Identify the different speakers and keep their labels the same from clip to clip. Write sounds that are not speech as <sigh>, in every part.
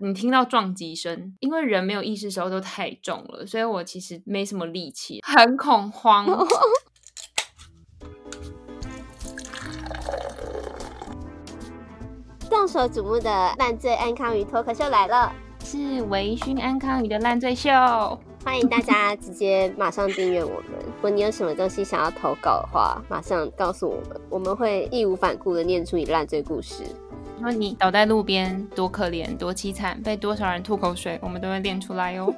Speaker 1: 你聽到撞擊聲，因為人沒有意識的時候都太重了，所以我其實沒什麼力氣，很恐慌。
Speaker 2: 眾所矚目的爛醉安康魚脫殼秀來了，是微醺安康魚的爛醉秀，歡迎大家直接馬上訂閱我們。如果你有什麼東西想要投稿的話，馬上告訴我們，我們會義無反顧的念出你爛醉故事。
Speaker 1: 說你倒在路邊多可憐多凄慘，被多少人吐口水，我們都會練出來喲。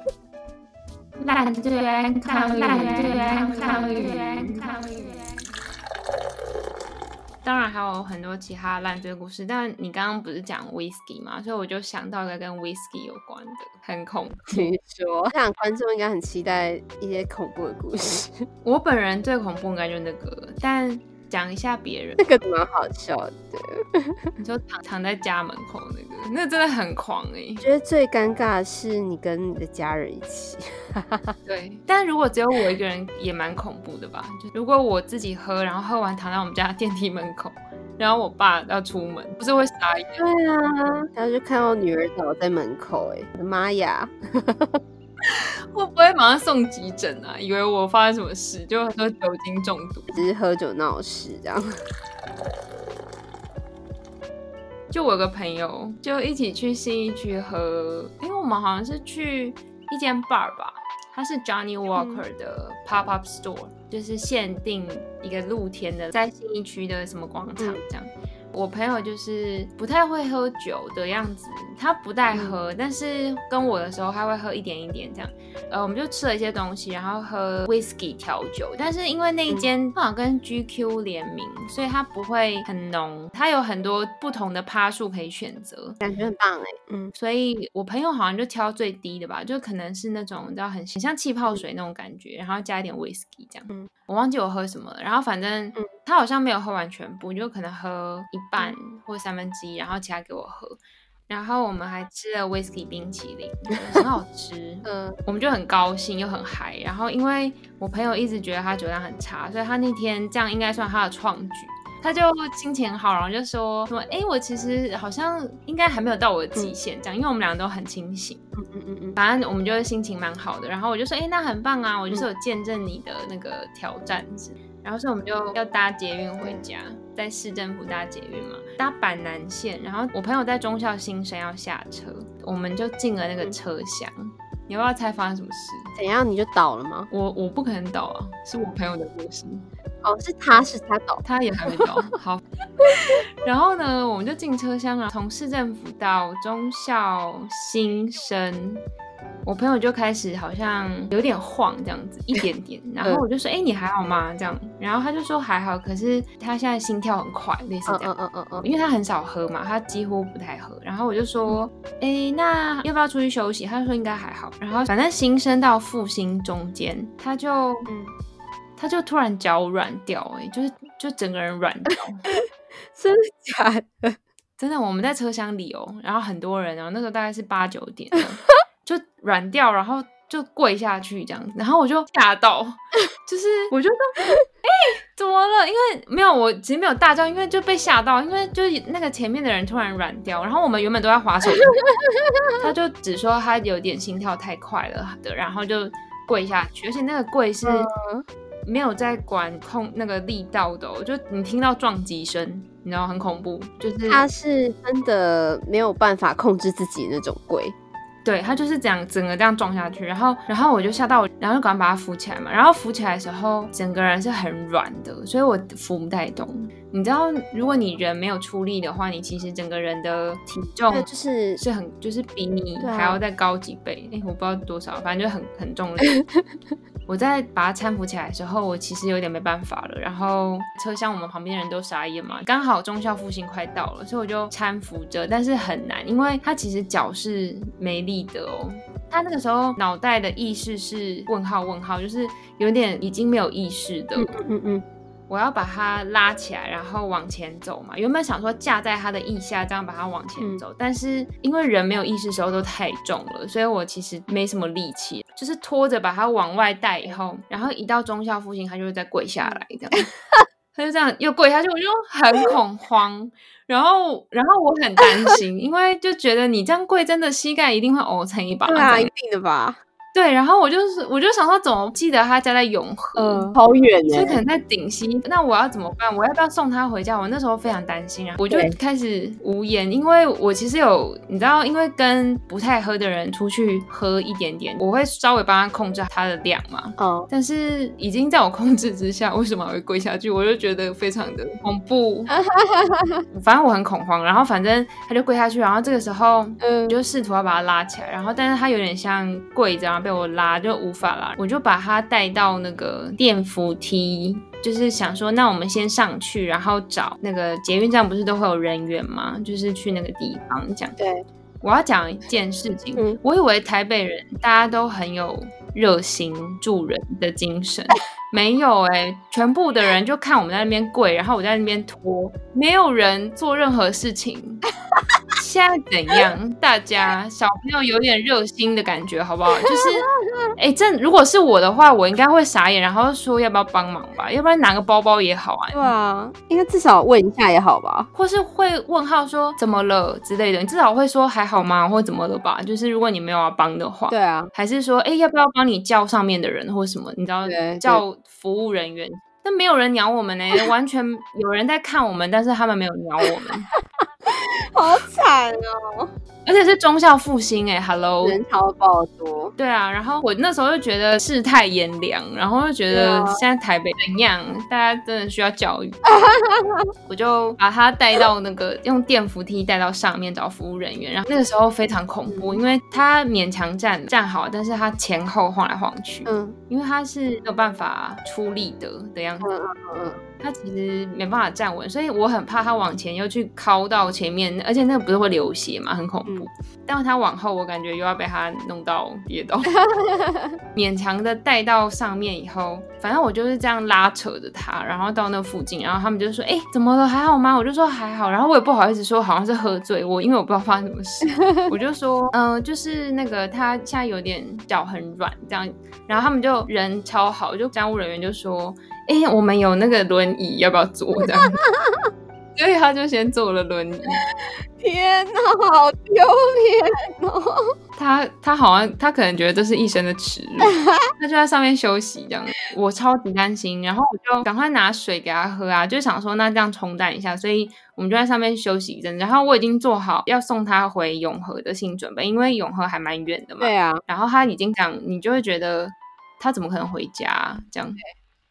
Speaker 1: 爛醉蒼蠅，爛醉蒼蠅，爛醉蒼蠅。當然還有很多其他爛醉故事，但你剛剛不是講 whiskey 嗎？所以我就想到一個跟 whiskey 有關的，很恐怖。
Speaker 2: 說，我想觀眾應該很期待一些恐怖
Speaker 1: 的故事。 <laughs> 我本人最恐怖應該就那個，但。講一下別人這個蠻好笑的。對你就躺躺在家門口那個，那真的很狂哎，
Speaker 2: 欸。覺得最尷尬的是你跟你的家人一起， <laughs>
Speaker 1: <laughs> 對。但如果只有我一個人也蠻恐怖的吧？就如果我自己喝，然後喝完躺在我們家電梯門口，然後我爸要出門，不是會傻眼？對啊，然後、嗯、就看到女兒倒在
Speaker 2: 門口、欸，哎，媽呀！ <laughs>
Speaker 1: 我不會馬上送急診啊，以為我發生什麼事，就很多酒精中毒，
Speaker 2: 只是喝酒鬧事這樣。
Speaker 1: 就我有個朋友，就一起去信義區喝，因、欸、為我們好像是去一間 bar 吧，它是 Johnnie Walker 的 Pop Up Store，、嗯、就是限定一個露天的，在信義區的什麼廣場這樣。嗯我朋友就是不太會喝酒的樣子，他不太喝，嗯、但是跟我的時候他會喝一點一點這樣。呃，我們就吃了一些東西，然後喝 whiskey 調酒。但是因為那一間他、嗯、好像跟 GQ 聯名，所以它不會很濃，它有很多不同的趴數可以選擇，感覺很棒哎、欸。嗯，所以我朋友好像就挑最低的吧，就可能是那種你知道很像氣泡水那種感覺，嗯、然後加一點 whiskey 這樣。嗯，我忘記我喝什麼了，然後反正嗯。他好像沒有喝完全部，就可能喝一半或三分之一，然後其他給我喝。然後我們還吃了威士忌冰淇淋，很好吃。嗯， <laughs> 我們就很高興又很嗨。然後因為我朋友一直覺得他酒量很差，所以他那天這樣應該算他的創舉。他就心情好，然後就說說，哎、欸，我其實好像應該還沒有到我的極限，嗯、這樣，因為我們兩個都很清醒。嗯嗯嗯嗯，嗯嗯反正我們就是心情蠻好的。然後我就說，哎、欸，那很棒啊，我就是有見證你的那個挑戰。然後我們就要搭捷運回家，在市政府搭捷運嘛，搭板南線。然後我朋友在忠孝新生要下車，我們就進了那個車廂。嗯、你要不要猜發生什麼事？怎樣你就倒了嗎？我我不可能倒啊，是我朋友的故事。哦，是他是他倒，他也還沒倒。好， <laughs> 然後呢，我們就進車廂了，從市政府到忠孝新生。我朋友就開始好像有點晃這樣子一點點，然後我就說：“哎、欸，你還好嗎？”這樣，然後他就說：“還好。”可是他現在心跳很快，類似這樣，嗯嗯嗯嗯因為他很少喝嘛，他幾乎不太喝。然後我就說：“哎、欸，那要不要出去休息？”他就說：“應該還好。”然後反正心升到復興中間，他就，他就突然腳軟掉、欸，哎，就是就整個人軟掉，真 <laughs> 的，真的，我們在車廂裡哦、喔，然後很多人、喔，哦，那時候大概是八九點。 <laughs> 就軟掉，然後就跪下去這樣，然後我就嚇到，就是 <laughs> 我就說，哎、欸，怎麼了？因為沒有，我其實沒有大叫，因為就被嚇到，因為就是那個前面的人突然軟掉，然後我們原本都在滑手， <laughs> 他就只說他有點心跳太快了的，然後就跪下去，而且那個跪是沒有在管控那個力道的、哦，我就你聽到撞擊聲，你知道很恐怖，就是他是真的沒有辦法控制自己那種跪。對，他就是這樣，整個這樣撞下去，然後，然後我就嚇到我，然後就趕快把他扶起來嘛。然後扶起來的時候，整個人是很軟的，所以我扶不太動。你知道，如果你人沒有出力的話，你其實整個人的體重就是是很，就是比你還要再高幾倍。哎、啊，我不知道多少，反正就很很重力。 <laughs> 我在把他攙扶起來的時候，我其實有點沒辦法了。然後車廂我們旁邊人都傻眼嘛，剛好忠孝復興快到了，所以我就攙扶着，但是很難，因為他其實腳是沒力的哦。他那個時候腦袋的意識是問號問號，就是有點已經沒有意識的。嗯嗯。嗯嗯，我要把他拉起來，然後往前走嘛。原本想說，架在他的腋下，這樣把他往前走，嗯、但是因為人沒有意識的時候都太重了，所以我其實沒什麼力氣。就是拖着把它往外帶以後，然後一到忠孝復興，他就會再跪下來，這樣 <laughs> 他就這樣又跪下去，我就很恐慌， <laughs> 然後然後我很擔心，因為就覺得你這樣跪，真的膝蓋一定會凹成一把，對啊，一定的吧。樣 <laughs> <laughs> 對，然後我就是，我就想說，怎麼記得他家在永和，好遠，嗯，他可能在頂溪，那我要怎麼辦？我要不要送他回家？我那時候非常擔心，啊。對我就開始無言，因為我其實有，你知道，因為跟不太喝的人出去喝一點點，我會稍微幫他控制他的量嘛。哦。Oh. 但是已經在我控制之下，為什麼會跪下去？我就覺得非常的恐怖， <laughs> 反正我很恐慌。然後反正他就跪下去，然後這個時候，嗯，我就試圖要把他拉起來，然後但是他有點像跪這樣。被我拉就無法拉。我就把他帶到那個電扶梯，就是想說，那我們先上去，然後找那個捷運站，不是都會有人員嗎？就是去那個地方講。對，我要講一件事情，嗯，我以為台北人大家都很有熱心助人的精神， <laughs> 沒有哎、欸，全部的人就看我們在那邊跪，然後我在那邊拖，沒有人做任何事情。 <laughs> 現在怎樣？大家小朋友有點熱心的感覺，好不好？就是，哎、欸，這如果是我的話，我應該會傻眼，然後說要不要幫忙吧？要不然拿個包包也好啊。對啊，應該至少問一下也好吧？或是會問號說怎麼了之類的？你至少會說還好嗎，或怎麼了吧？就是如果你沒有要幫的話，對啊，還是說哎、欸，要不要幫你叫上面的人或什麼？你知道叫服務人員。但沒有人鳥我們呢、欸， <laughs> 完全有人在看我們，但是他們沒有鳥我們， <laughs> 好慘哦。而且是忠孝復興欸，哈嘍。Hello、人潮爆多，對啊。然後我那時候就覺得世態炎涼，然後又覺得現在台北怎樣，啊、大家真的需要教育。 <laughs> 我就把他帶到那個 <laughs> 用電扶梯帶到上面找服務人員，然後那個時候非常恐怖，是因為他勉強站站好，但是他前後晃來晃去，嗯，因為他是沒有辦法出力的的樣子，嗯，嗯，嗯他其實沒辦法站穩，所以我很怕他往前又去靠到前面，而且那個不是會流血嗎？很恐怖。但是他往後，我感覺又要被他弄到跌倒，勉強的帶到上面以後，反正我就是這樣拉扯着他，然後到那附近，然後他們就說：“哎、欸，怎麼了？還好嗎？”我就說：“還好。”然後我也不好意思說，好像是喝醉，我因為我不知道發生什麼事， <laughs> 我就說：“嗯、呃，就是那個他現在有點腳很軟這樣。”然後他們就人超好，就站務人員就說：“哎、欸，我們有那個輪椅，要不要坐這樣？” <laughs> 所以他就先坐了輪椅、啊，天哪、啊，好丟臉哦！他他好像他可能覺得這是一生的恥辱， <laughs> 他就在上面休息這樣。我超級擔心，然後我就趕快拿水給他喝啊，就想說那這樣沖淡一下。所以我們就在上面休息一陣。然後我已經做好要送他回永和的心理準備，因為永和還蠻遠的嘛。對啊。然後他已經講，你就會覺得他怎麼可能回家、啊、這樣？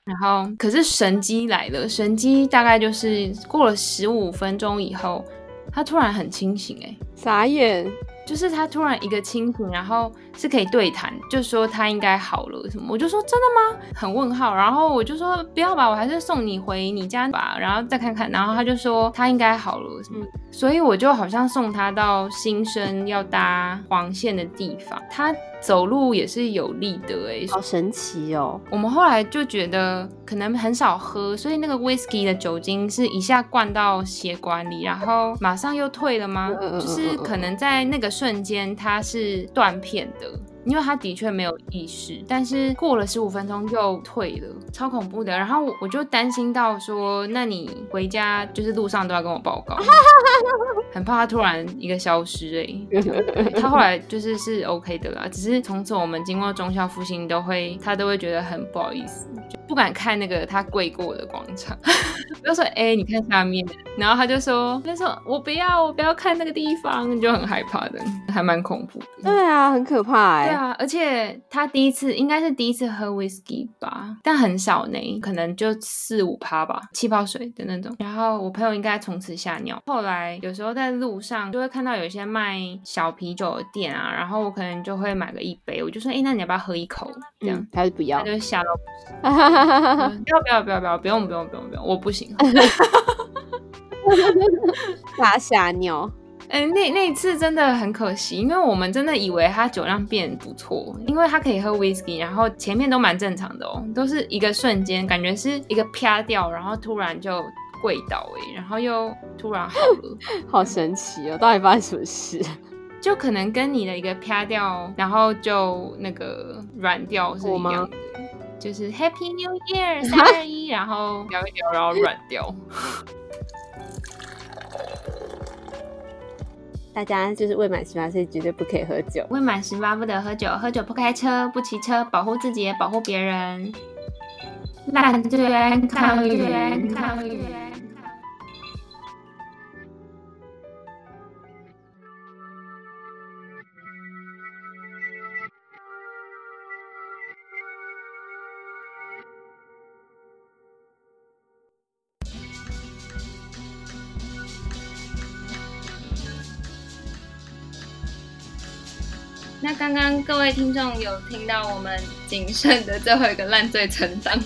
Speaker 1: 然後，可是神蹟來了，神蹟大概就是過了十五分鐘以後，他突然很清醒，欸，哎，眨眼。就是他突然一個清醒，嗯，然後是可以對談，就說他應該好了什麼，我就說真的嗎？很問號。然後我就說不要吧，我還是送你回你家吧，然後再看看。然後他就說他應該好了什麼，嗯，所以我就好像送他到新生要搭黃線的地方，他走路也是有力的哎，欸，好神奇哦。我們後來就覺得可能很少喝，所以那個 whiskey 的酒精是一下灌到血管裡，然後馬上又退了嗎？就是可能在那個。瞬間他是斷片的，因為他的確沒有意識，但是過了十五分鐘又退了，超恐怖的。然後我就擔心到說，那你回家就是路上都要跟我報告，很怕他突然一個消失、欸。哎，他後來就是是 OK 的啦，只是從此我們經過忠孝復興都會，他都會覺得很不好意思。就不敢看那個他跪過我的廣場， <laughs> 就說哎、欸，你看下面，然後他就說，他說我不要，我不要看那個地方，你就很害怕的，還蠻恐怖的。對啊，很可怕哎、欸。對啊，而且他第一次應該是第一次喝威士忌吧，但很少呢，可能就四五趴吧，氣泡水的那種。然後我朋友應該從此嚇尿。後來有時候在路上就會看到有一些賣小啤酒的店啊，然後我可能就會買個一杯，我就說哎、欸，那你要不要喝一口？這樣、嗯、不他就不、， <laughs> 嗯、不要。不要，就是嚇到不要不要不要不要，不用不用不用不用，我不行。嚇嚇尿！哎、欸，那那一次真的很可惜，因為我們真的以為他酒量變不錯，因為他可以喝威士忌，然後前面都蠻正常的哦，都是一個瞬間感覺是一個啪掉，然後突然就跪倒哎、欸，然後又突然好了， <laughs> 好神奇哦，到底發生什麼事？就可能跟你的一個啪掉，然後就那個軟掉，是一樣嗎？就是 Happy New Year，三二蛤後一飄，然後一然後軟掉、嗯、
Speaker 2: 大家就是未滿十八歲絕對不可以喝
Speaker 1: 酒，未滿十八不得喝酒，喝酒不開車，不騎車，保護自己也保護別人。爛醉，抗原，抗原。
Speaker 2: 剛剛各位聽眾有聽到我們僅剩的最後一個爛醉成章，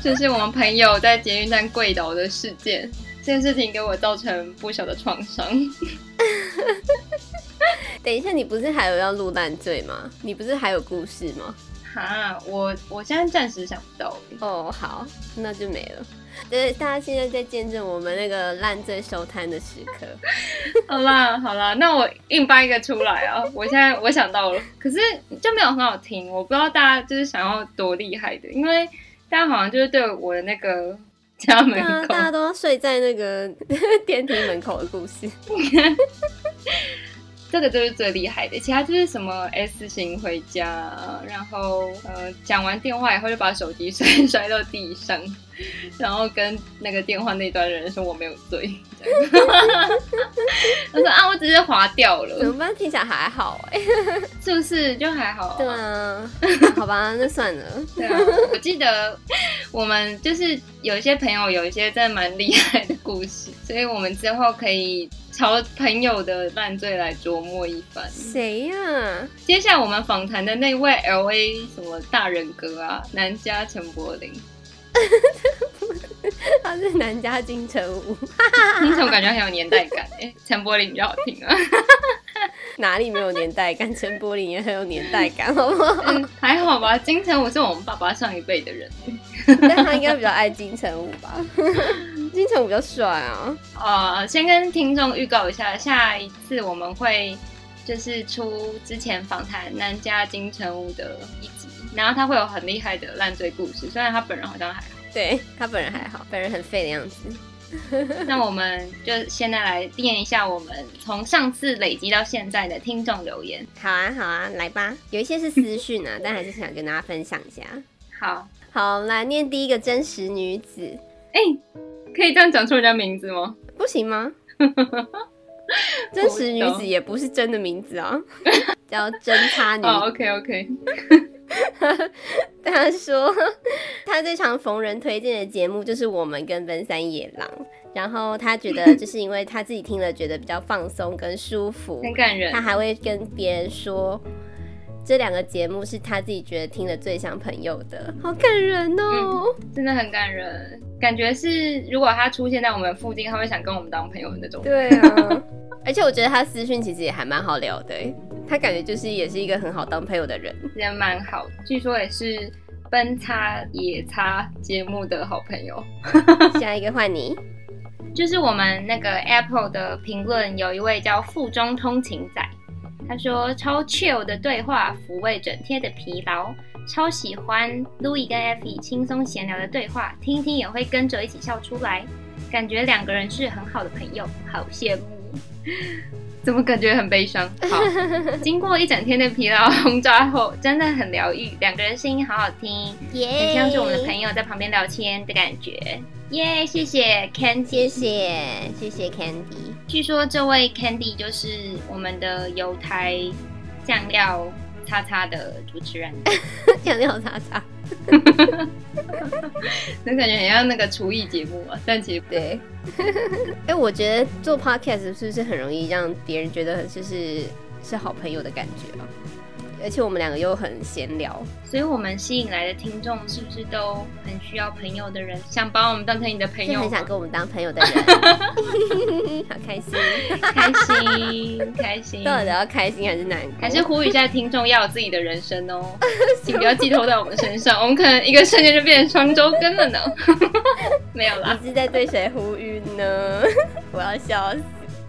Speaker 2: 就是我們朋友在捷運站跪倒的事件。這件、個、事情給我造成不小的創傷。 <laughs> 等一下，你不是還有要錄爛醉嗎？你不是還有故事嗎？
Speaker 1: 哈，我
Speaker 2: 我現在暫時想不到。哦，好，那就沒了。對，大家現在在見證我們那個爛醉收攤的時刻。
Speaker 1: <laughs> 好啦，好啦，那我硬掰一個出來啊、喔！ <laughs> 我現在我想到了，可是就沒有很好聽。我不知道大家就是想要多厲害的，因為大家好像就是對我的那個家門口，大家，
Speaker 2: 大家都要睡在那個 <laughs> 電梯門口的故事。 <laughs> 這個就是最厲害的，其他就是什麼 S 型回家，然後呃講完電話以後就把手機摔摔到地上。然後跟那個電話那端人說我沒有罪，這樣 <laughs> 他說啊，我只是滑掉了。怎麼辦聽起來還好？是不是就還好、啊？對啊，好吧，那算了。 <laughs> 對啊，我記得我們就是有一些朋友有一些真的蠻厲害的故事，所以我們之後可以朝朋友的犯罪來琢磨一番。誰呀、啊？接下來我們訪談的那位 L A 什麼大人哥啊，男嘉陳柏霖。 <laughs> 他是南家金城武，金城武感覺很有年代
Speaker 1: 感陳 <laughs> 柏霖比較好聽啊。
Speaker 2: <laughs> 哪裡沒有年代感？陳柏霖也很有年代感，好不好？嗯、還好吧？金城武是我們爸爸上一輩的人， <laughs> 但他應該比較愛金城武吧？金 <laughs> 城武比較帥啊。啊、呃，先跟聽眾預告一下，下一次我們會就是出之前訪談南家金城武的一集。然後他會有很厲害的爛醉故事，雖然他
Speaker 1: 本人
Speaker 2: 好像還好。對，他本人還好，本人很廢的樣子。 <laughs> 那我們就現在來念一下我們從上次累積到現在的聽眾留言。好啊，好啊，來吧。有一些是私訊啊， <laughs> 但還是想跟大家分享一下。好好，來念第一個真實女子。哎、欸，可以這樣講出人家名字嗎？不行嗎？ <laughs> 真實女子也不是真的名字啊、喔， <laughs> 叫真他女子。Oh, OK OK。 <laughs> <laughs> 他說，他最常逢人推薦的節目就是《我們跟奔三野狼》，然後他覺得就是因為他自己聽了覺得比較放鬆跟舒服，很感人。他還會跟別人說這兩個節目是他自己覺得聽了最像朋友的，好感人哦、喔嗯，真的很感人。感覺是如果他出現在我們附近，他會想跟我們當朋友的那種。對啊， <laughs> 而且我覺得他私訊其實也還蠻好聊的、欸。他感覺就是也是一個很好當朋友的人，也蠻好的。據說也是分叉野叉節目的好朋友。 <laughs> 下一個換你，就是我們那個 Apple 的評論，有一位叫附中通勤仔，他說超 chill 的對話撫慰整天的疲勞，超喜歡 Louie 跟 Fe 輕鬆閒聊的對話，聽聽也會跟着一起笑出來，感覺兩個人是很好的朋友，好羨慕。怎麼感覺很悲傷？好，經過一整天的疲勞轟炸後，真的很療癒。兩個人聲音好好聽，Yeah 很像是我們的朋友在旁邊聊天的感覺。耶，yeah，謝謝 Candy，謝謝謝 Candy。 <music> 據說這位 Candy 就是我們的友台醬料叉叉的主持人，醬 <laughs> 料叉叉。哈哈哈哈，那感覺很像那個廚藝節目啊，但其實對，哎、 <laughs> 欸，我覺得做 podcast 是不是很容易讓別人覺得就是是好朋友的感覺啊？而且我們兩個又很閒聊，所以我們吸引來的聽眾是不是都很需要朋友的人？想把我們當成你的朋友，很想跟我們當朋友的人， <laughs> 好開心，開心，開心，開心，到底要開心還是難？還是呼籲一下聽眾要有自己的人生哦、喔， <laughs> 請不要寄托在我們身上，我們可能一個瞬間就變成雙週更了呢。 <laughs> 沒有啦，你是在對誰呼籲呢？我要笑死。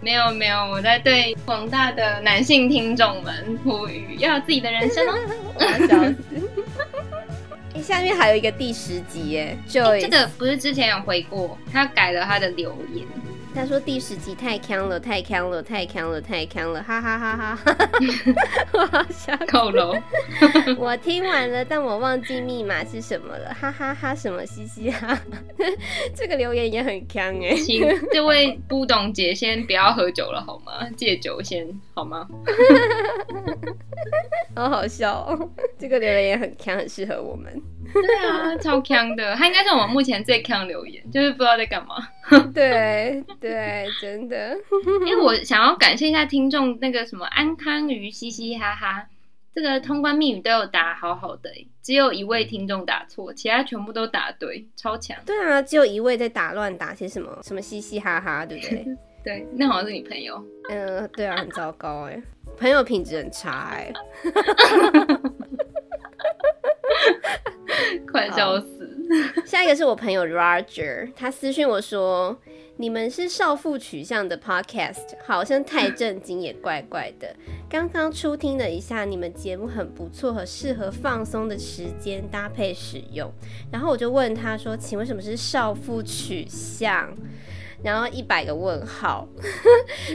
Speaker 2: 沒有沒有，我在對廣大的男性聽眾們呼籲，要有自己的人生哦。 <laughs> 下面還有一個第十集耶，誒，這個不是之前有回過，他改了他的留言。他說第十集太鏘了，太鏘了，太鏘了，太鏘了，了，哈哈哈哈哈哈。 <laughs> 我好想恐龍。我聽完了，但我忘記密碼是什麼了，哈哈哈！什麼嘻嘻哈？哈。這個留言也很鏘哎。請這位不懂姐先不要喝酒了好嗎？戒酒先好嗎？好、 <laughs> <laughs> 哦、好笑、哦，這個留言也很鏘，很適合我們。 <laughs> 對啊，超鏘的。他應該是我們目前最鏘的留言，就是不知道在幹嘛。 <laughs> 對對，真的，因為我想要感謝一下聽眾那個什麼安康魚嘻嘻哈哈，這個通關密語都有打好好的、欸，只有一位聽眾打錯，其他全部都打對，超強。對啊，只有一位在打亂打些什麼什麼嘻嘻哈哈，對不對？
Speaker 1: <laughs> 對，那好像是你朋友。
Speaker 2: 嗯、呃，對啊，很糟糕哎、欸， <laughs> 朋友品質很差哎、欸， <laughs> <laughs> <laughs> 快笑死。Oh. <laughs> 下一個是我朋友 Roger，他私訊我說：“你們是少婦取向的 Podcast，好像太正經也怪怪的。”剛剛初聽了一下，你們節目很不錯，和適合放鬆的時間搭配使用。然後我就問他說：“請問什麼是少婦取向？”然後一百個問號，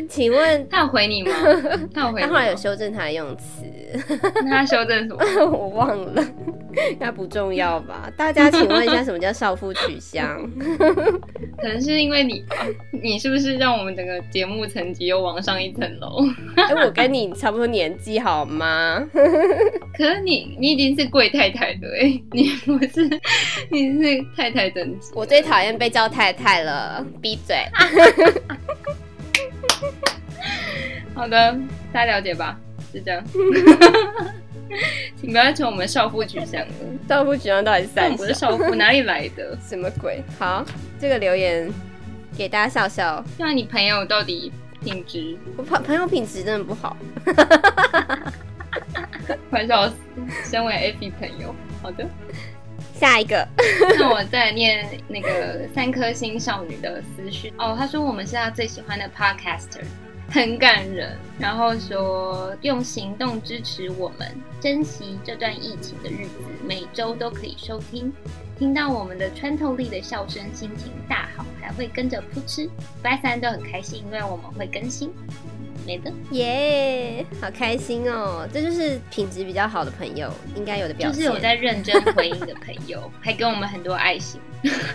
Speaker 2: 請問他有回你嗎？他有回。他後來有修正他的用詞，那他修正什麼？ <laughs> 我忘了，那不重要吧？大家請問一下，什麼叫少婦取香？ <laughs> 可能是因為你，你是不是讓我們整個節目層級又往上一層樓？哎、 <laughs> 欸，我跟你差不多年紀好嗎？ <laughs> 可是你，你已經是貴太太對，你不是，你是太太等級。我最討厭被叫太太了，閉嘴。 <laughs> <laughs> 好的，大家了解吧，是這樣。 <laughs> 請不要從我們少婦取向， <laughs> 少婦取向到底三小？我是少婦哪裡來的？ <laughs> 什麼鬼？好，這個留言給大家笑笑。那你朋友到底品質？我朋朋友品質真的不好，快笑死！ <laughs> 身為 A P 朋友，好的。下一個， <laughs> 那我再念那個三顆星少女的思緒哦。Oh, 他說，我們現在最喜歡的 Podcaster 很感人，然後說用行動支持我們，珍惜這段疫情的日子，每周都可以收聽，聽到我們的穿透力的笑聲，心情大好，還會跟着噗嗤，拜三都很開心，因為我們會更新。沒的耶，yeah, 好開心哦，喔！這就是品質比較好的朋友應該有的表現，就是有在認真回應的朋友， <laughs> 還給我們很多愛心。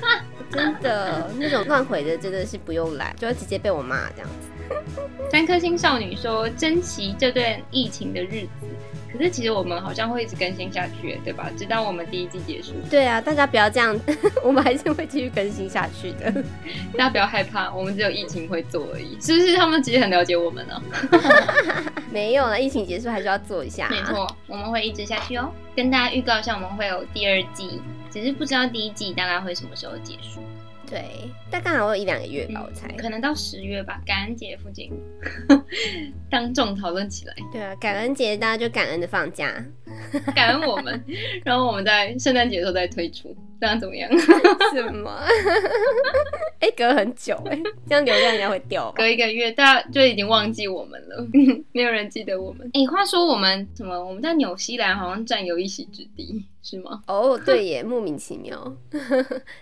Speaker 2: <laughs> 真的，那種亂回的真的是不用來，就會直接被我罵這樣子。三顆星少女說：“珍惜這段疫情的日子。可是其實我們好像會一直更新下去，對吧？直到我們第一季結束。”對啊，大家不要這樣，我們還是會繼續更新下去的。 <laughs> 大家不要害怕，我們只有疫情會做而已。是不是他們其實很了解我們呢、啊？ <laughs> <laughs> 沒有了，疫情結束還是要做一下。沒錯，我們會一直下去哦。跟大家預告一下，我們會有第二季，只是不知道第一季大概會什麼時候結束。對，大概還有一兩個月吧，我猜，嗯、可能到十月吧，感恩節附近， <laughs> 當眾討論起來。對啊，感恩節大家就感恩的放假， <laughs> 感恩我們，然後我們在聖誕節的時候再推出，這樣怎麼樣？ <laughs> <laughs> 是麼嗎？哎、 <laughs> 欸，隔很久，這樣流量應該會掉，隔一個月大家就已經忘記我們
Speaker 1: 了，沒有人記得我們。
Speaker 2: 哎、欸，話說我們什麼？我們在紐西蘭好像占有一席之地。是嗎？哦，對耶，莫呵名其妙。 <laughs>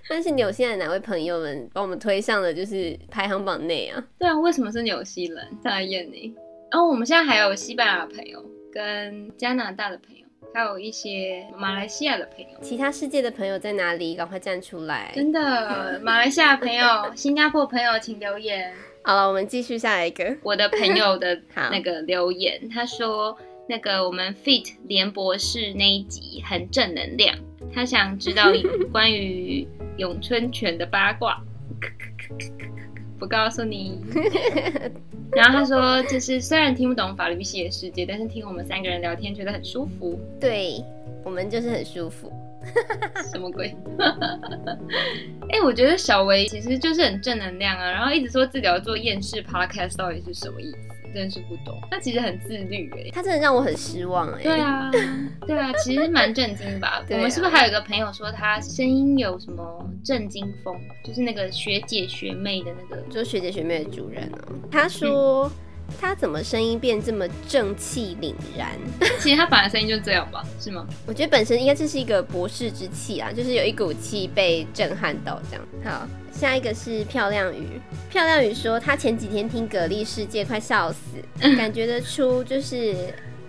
Speaker 2: 但是紐西蘭的哪位朋友們把我們推上了就是排行榜內啊？對啊，為什麼是紐西蘭？大來一個。然、哦、我們現在還有西班牙的朋友、跟加拿大的朋友，還有一些馬來西亞的朋友。其他世界的朋友在哪裡？趕快站出來！真的、呃，馬來西亞朋友、 <laughs> 新加坡的朋友，請留言。好了，我們繼續下一個。我的朋友的那個留言， <laughs> 好他說。那個我們 fit 聯博士那一集很正能量，他想知道關於詠春拳的八卦， <laughs> 不告訴你。 <laughs> 然後他說，就是雖然聽不懂法律系的世界，但是聽我們三個人聊天覺得很舒服。對，我們就是很舒服。 <laughs> 什麼鬼？哎、 <laughs> 欸，我覺得小維其實就是很正能量啊，然後一直說自己要做厭世 podcast，到底是什麼意思？真是不懂，他其實很自律誒、欸，他真的讓我很失望誒、
Speaker 1: 欸。對啊，對啊，其實蠻震驚吧。 <laughs> 對啊、我們是不是還有一個
Speaker 2: 朋友說他聲音有什麼震驚風，就是那個學姐學妹的那個，就是學姐學妹的主人哦、啊。他說。嗯他怎麼聲音變這麼正氣凜然？其實他本來聲音就這樣吧，是嗎？ <laughs> 我覺得本身應該這是一個博士之氣啊，就是有一股氣被震撼到這樣。好，下一個是漂亮雨。漂亮雨說，他前幾天聽《蛤蜊世界》快笑死，感覺得出就是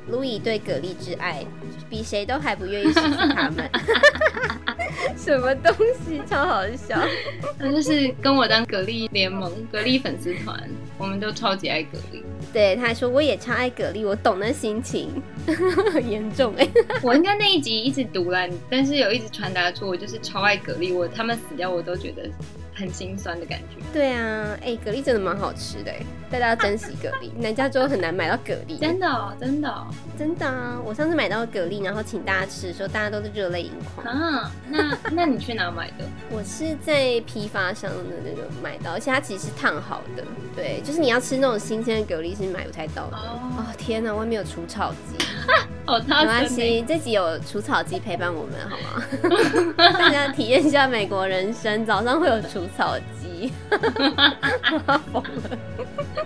Speaker 2: 路易對蛤蜊之愛，就是，比誰都還不願意失去他們。 <laughs> <laughs> 什麼東西超好笑！他 <laughs> 就是跟我當蛤蜊聯盟、蛤蜊粉絲團，我們都超級愛蛤蜊。對，他還說我也超愛蛤蜊，我懂那心情， <laughs> 很嚴重欸。我應該那一集一直讀了，但是有一直傳達出我就是超愛蛤蜊，我他們死掉我都覺得很心酸的感覺。對啊，欸，蛤蜊真的蠻好吃的欸。大家珍惜蛤蜊，南加州很難買到蛤蜊，真的、哦，真的、哦，真的啊！我上次買到蛤蜊，然後請大家吃的時候，大家都，都是熱淚盈眶啊！那那你去哪買的？ <laughs> 我是在批發商的那個買到，而且它其實是燙好的。對，就是你要吃那種新鮮的蛤蜊是買不太到的。哦，哦天哪，外面有除草機， <laughs> 哦、沒，沒關係，這集有除草機陪伴我們，好嗎？ <laughs> 大家體驗一下美國人生，早上會有除草機， <laughs>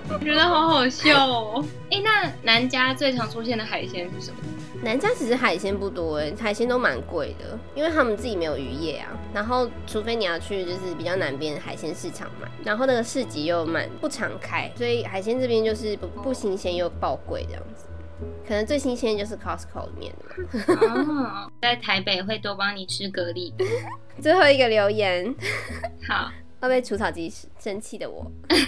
Speaker 2: 我覺得好好笑哦、喔！哎海、欸，那南家最常出現的海鮮是什麼？南家其實海鮮不多哎、欸，海鮮都蠻貴的，因為他們自己沒有漁業啊。然後，除非你要去就是比較南邊的海鮮市場買，然後那個市集又蠻不常開，所以海鮮這邊就是不不新鮮又爆貴這樣子。可能最新鮮的就是 Costco 裡面的嘛、哦。在台北會多幫你吃蛤蜊。最後一個留言。好。會被除草機生氣的我，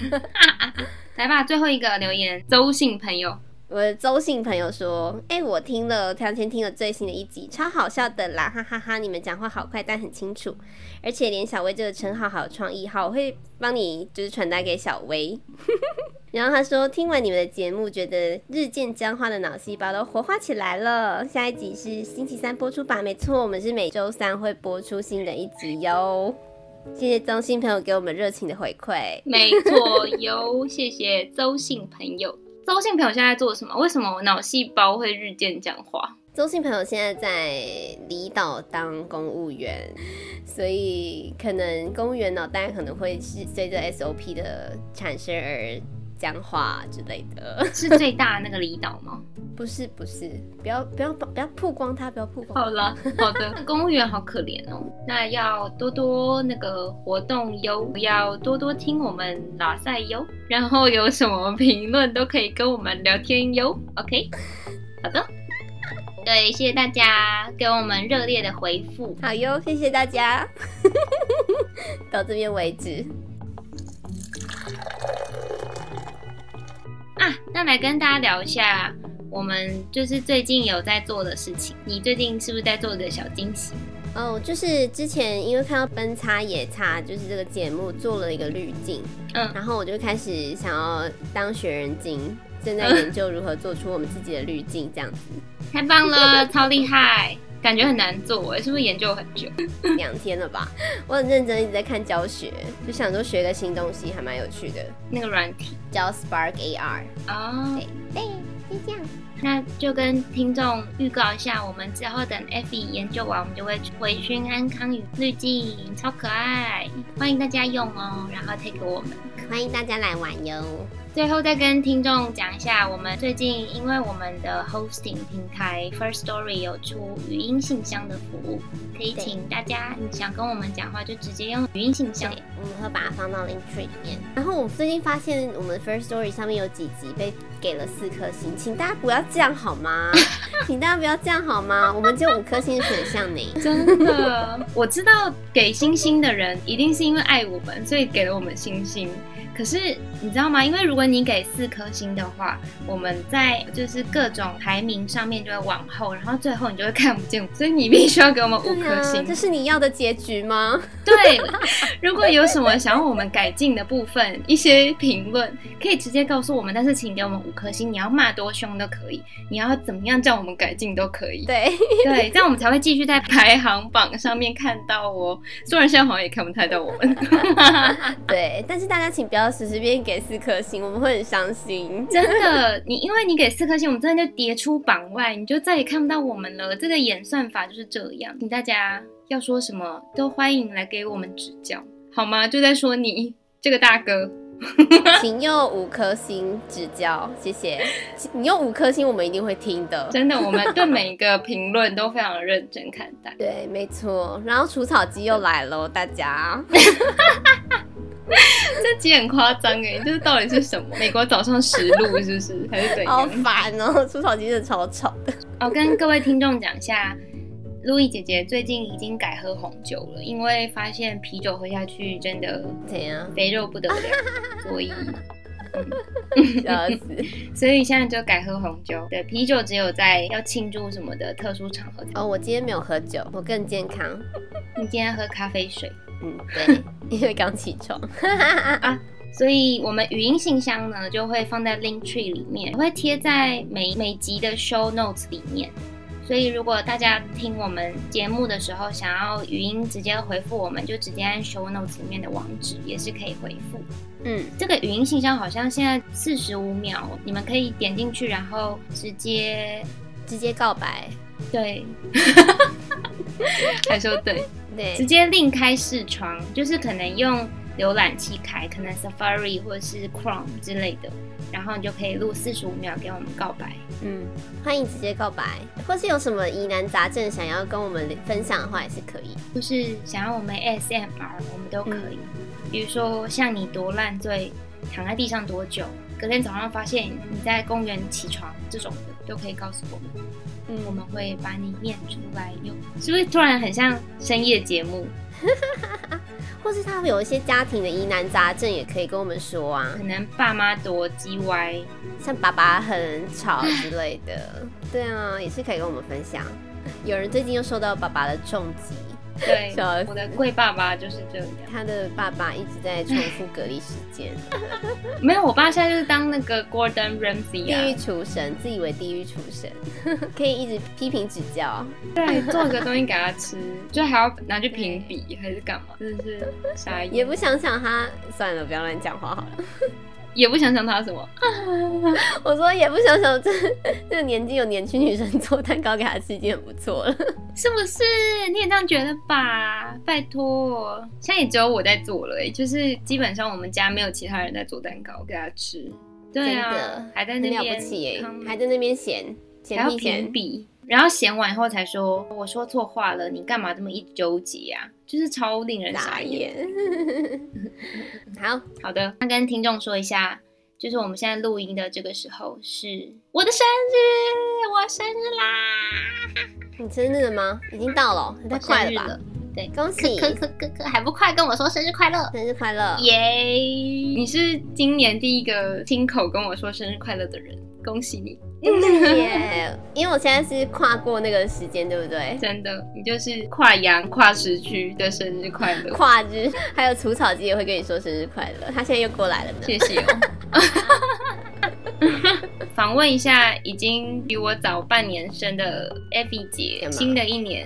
Speaker 2: <laughs> <laughs> 來吧，最後一個留言，周姓朋友。我的周姓朋友說，哎、欸，我聽了，昨天聽了最新的一集，超好笑的啦，哈哈哈，哈！你們講話好快，但很清楚，而且連小薇這個稱號好有創意。好，我會幫你就是傳達給小薇。 <laughs> 然後他說，聽完你們的節目，覺得日漸僵化的腦細胞都活化起來了。下一集是星期三播出吧？沒錯，我們是每周三會播出新的一集喲。謝謝周姓朋友給我們熱情的回饋，沒錯喲。 <laughs> 謝謝周姓朋友，周姓朋友現在在做什麼？為什麼我腦細胞會日漸僵化？周姓朋友現在在離島當公務員，所以可能公務員腦袋可能會是隨着 SOP 的產生而。講話之類的，是最大的那個領導嗎？ <laughs> 不是，不是，不要，不要，不要曝光他，不要曝光。好了，好的。 <laughs> 那公務員好可憐哦。那要多多那個活動喲，要多多聽我們拉塞喲。然後有什麼評論都可以跟我們聊天喲。OK，好的。 <laughs> 對，謝謝大家給我們熱烈的回復。好喲，謝謝大家。 <laughs> 到這邊為止。啊，那來跟大家聊一下，我們就是最近有在做的事情。你最近是不是在做一個小驚喜？哦，就是之前因為看到《奔差野差》，就是這個節目做了一個濾鏡，嗯，然後我就開始想要當學人精，正在研究如何做出我們自己的濾鏡，這樣子、嗯。太棒了，超厲害！ <laughs> 感覺很難做哎，是不是研究很久？兩 <laughs> 天了吧？我很認真，一直在看教學，就想說學個新東西還蠻有趣的。那個軟體叫 Spark AR。哦、oh.，對，就這樣。那就跟聽眾預告一下，我們之後等 f b 研究完，我們就會推出安康魚濾鏡，超可愛，歡迎大家用哦。然後 tag 我們，歡迎大家來玩喲。最後再跟聽眾講一下，我們最近因為我們的 hosting 平台 First Story 有出語音信箱的服務，可以請大家對你想跟我們講話，就直接用語音信箱，我們會把它放到 link tree 裡面。然後我們最近發現，我們 First Story 上面有幾集被給了四顆星，請大家不要這樣好嗎？ <laughs> 請大家不要這樣好嗎？我們只有五顆星的選項你 <laughs> 真的，我知道給星星的人一定是因為愛我們，所以給了我們星星。可是。你知道嗎？因為如果你給四顆星的話，我們在就是各種排名上面就會往後，然後最後你就會看不見，所以你必須要給我們五顆星。對啊，這是你要的結局嗎？對。如果有什麼想要我們改進的部分， <laughs> 一些評論可以直接告訴我們，但是請給我們五顆星。你要罵多兇都可以，你要怎麼樣叫我們改進都可以。對對，這樣我們才會繼續在排行榜上面看到哦。雖然現在好像也看不太到我們。 <laughs> 對，但是大家請不要隨隨便給。給四顆星，我們會很傷心。真的，你因為你給四顆星，我們真的就跌出榜外，你就再也看不到我們了。這個演算法就是這樣。請大家要說什麼都歡迎來給我們指教，好嗎？就在說你這個大哥， <laughs> 請用五顆星指教，謝謝。你用五顆星，我們一定會聽的。真的，我們對每一個評論都非常認真看待。 <laughs> 對，沒錯。然後除草機又來了，對大家。 <laughs> <laughs> 這集很誇張哎，這是到底是什麼？
Speaker 1: 美國早上實錄是不是？還是怎樣？好
Speaker 2: 煩哦，喔，除草機真的超吵的。我、哦、跟各位聽眾講一下，路易姐姐最近已經改喝紅酒了，因為發現啤酒喝下去真的肥肉不得了，所以樣笑死。 <laughs> 所以現在就改喝紅酒，對，啤酒只有在要慶祝什麼的特殊場合。哦，我今天沒有喝酒，我更健康。你今天喝咖啡水。嗯，對， <laughs> 因為剛起床 <laughs> 啊，所以我們語音信箱呢就會放在 Linktree 裡面，會貼在每每集的 Show Notes 裡面。所以如果大家聽我們節目的時候想要語音直接回覆我們，就直接按 Show Notes 裡面的網址也是可以回覆。嗯，這個語音信箱好像現在四十五秒，你們可以點進去，然後直接直接告白。對， <laughs> 還說對。對直接另開視窗，就是可能用瀏覽器開，可能 Safari 或者是 Chrome 之類的，然後你就可以錄四十五秒給我們告白。嗯，歡迎直接告白，或是有什麼疑難雜症想要跟我們分享的話也是可以，就是想要我們 S M R 我們都可以。嗯，比如說像你多爛醉，躺在地上多久？隔天早上發現你在公園起床這種的都可以告訴我們，嗯，我們會把你念出來，用，是不是突然很像深夜節目？哈哈哈哈。或是他會有一些家庭的疑難雜症也可以跟我們說啊，可能爸媽多雞歪，像爸爸很吵之類的， <laughs> 對啊，也是可以跟我們分享。有人最近又受到爸爸的重擊。對，小我的貴爸爸就是這樣。他的爸爸一直在重複隔離時間， <laughs> 沒有。我爸現在就是當那個 Gordon Ramsay、啊、地獄廚神，自以為地獄廚神， <laughs> 可以一直批評指教。對，做個東西給他吃，就還要拿去評比，對還是幹嘛？就是也不想想他，算了，不要亂講話好了。 <laughs> 也不想想他什麼， <laughs> 我說也不想想這這年紀有年輕女生做蛋糕給他吃已經很不錯了，是不是？你也這樣覺得吧？拜托，現在也只有我在做了，欸，就是基本上我們家沒有其他人在做蛋糕給他吃。對啊，真的還在那邊，很了不起欸，湯還在那邊然後嫌完以後才說我說錯話了，你幹嘛這麼一糾結呀、啊？就是超令人傻眼。拉眼 <laughs> 好好的，那跟聽眾說一下，就是我們現在錄音的這個時候是我的生日，我生日啦！你生日了嗎？已經到了，你太快了吧，我生日了！對，恭喜你！可可可可還不快跟我說生日快樂！生日快樂！耶！Yeah! 你是今年第一個親口跟我說生日快樂的人，恭喜你！ <laughs> yeah, 因為我現在是跨過那個時間，對不對？真的，你就是跨洋跨時區的生日快樂，嗯。跨日，還有除草機也會跟你說生日快樂。他現在又過來了呢，謝謝、哦。訪 <laughs> <laughs> 問一下已經比我
Speaker 1: 早半年
Speaker 2: 生的 Abby 姐，啊，新的一年。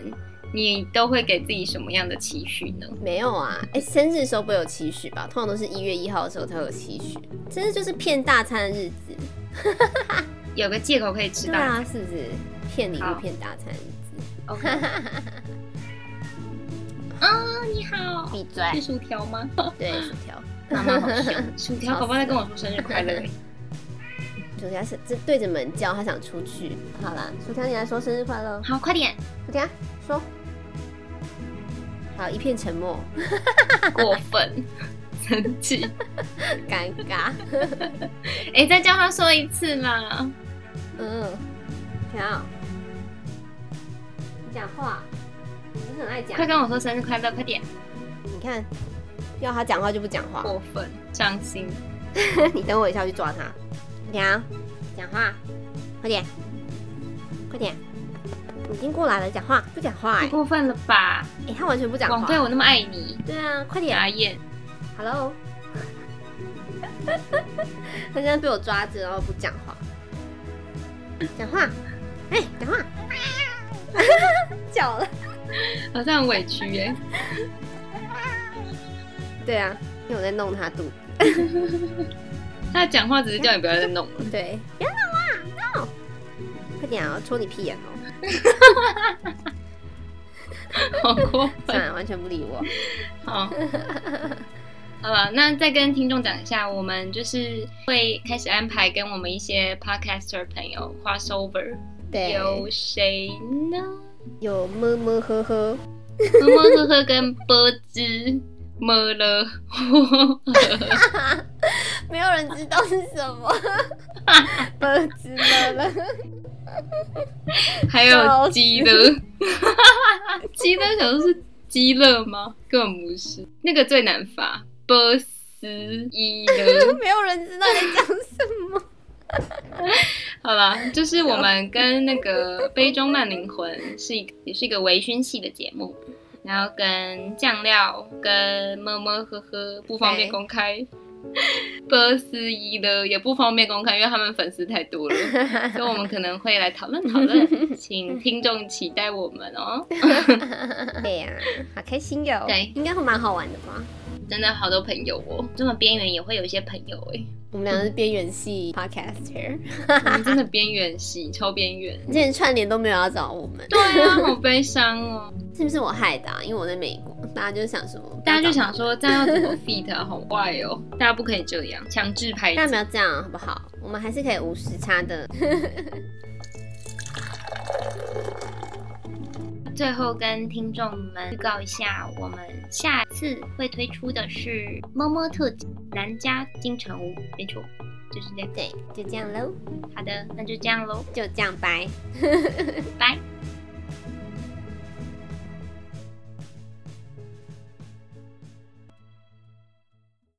Speaker 2: 你都會給自己什麼樣的期許呢？沒有啊，哎、欸，生日的時候不會有期許吧？通常都是一月一號的時候才會有期許。生日就是騙大餐的日子， <laughs> 有個借口可以吃到啊，是不是？騙禮物、騙大餐日子。o、okay. <laughs> oh, 你好，閉嘴，是薯條嗎？ <laughs> 對，薯條。媽媽好薯條，寶寶在跟我說生日快樂。薯條是這對着門叫，他想出去。好啦，薯條，你來說生日快樂。好，快點，薯條，說。一片沉默，過分，生氣 <laughs> 奇，尷 <laughs> 尬。哎、欸，再叫他說一次嘛。嗯，娘，你講話，你很愛講。快跟我說生日快樂，快點。你看，要他講話就不講話，過分，傷心。 <laughs> 你等我一下，我去抓他。娘，講話，快點，快點。已經過來了，講話不講話？不講話欸，太過分了吧！哎、欸，他完全不講話。對，我那麼愛你。對啊，快點。阿燕演，Hello。 <laughs> 他現在被我抓着，然後不講話。講話，哎、欸，講話。叫 <laughs> 了，好像很委屈耶，欸。對啊，因為我在弄他肚子。 <laughs> 他講話只是叫你不要再弄了。對，別弄啊！No，快點啊！戳你屁眼哦！哈哈哈！ <laughs> 好過分，完全不理我。好，好了，那再跟聽眾講一下，我們就是會開始安排跟我們一些 podcaster 朋友 cross over，對有誰呢？有麼麼呵呵，麼麼呵呵跟波子。麼了？呵呵呵呵呵 <laughs> 沒有人知道是什麼，波子樂了，還有雞、就是、雞的，雞 <laughs> 的小說是雞樂嗎？根本不是，那個最難發，波斯伊的，沒有人知道你講什麼。 <laughs> 好了，就是我們跟那個杯中漫靈魂是一個，也是一個微醺系的節目。然後跟醬料跟麼麼呵呵不方便公開，不是一的也不方便公開，因為他們粉絲太多了， <laughs> 所以我們可能會來討論討論， <laughs> 請聽眾期待我們哦、喔。 <laughs> 對呀、啊，好開心喲、喔，對應該會蠻好玩的嘛。真的好多朋友哦、喔，這麼邊緣也會有一些朋友哎、欸。我們兩個是邊緣系 podcaster， <laughs> 我們真的邊緣系超邊緣，之前串聯都沒有要找我們。對啊，好悲傷哦、喔。是不是我害的？啊？因為我在美國，大家就想什麼？大家就想說這樣要怎麼 fit、啊、好怪哦、喔。大家不可以這樣強制拍，大家不要這樣好不好？我們還是可以無時差的。 <laughs> 最後跟聽眾們預告一下，我們下次會推出的是《摸摸特輯》《南家京城屋》，沒錯，就是這樣。對，就這樣嘍。好的，那就這樣嘍，就這樣，拜拜。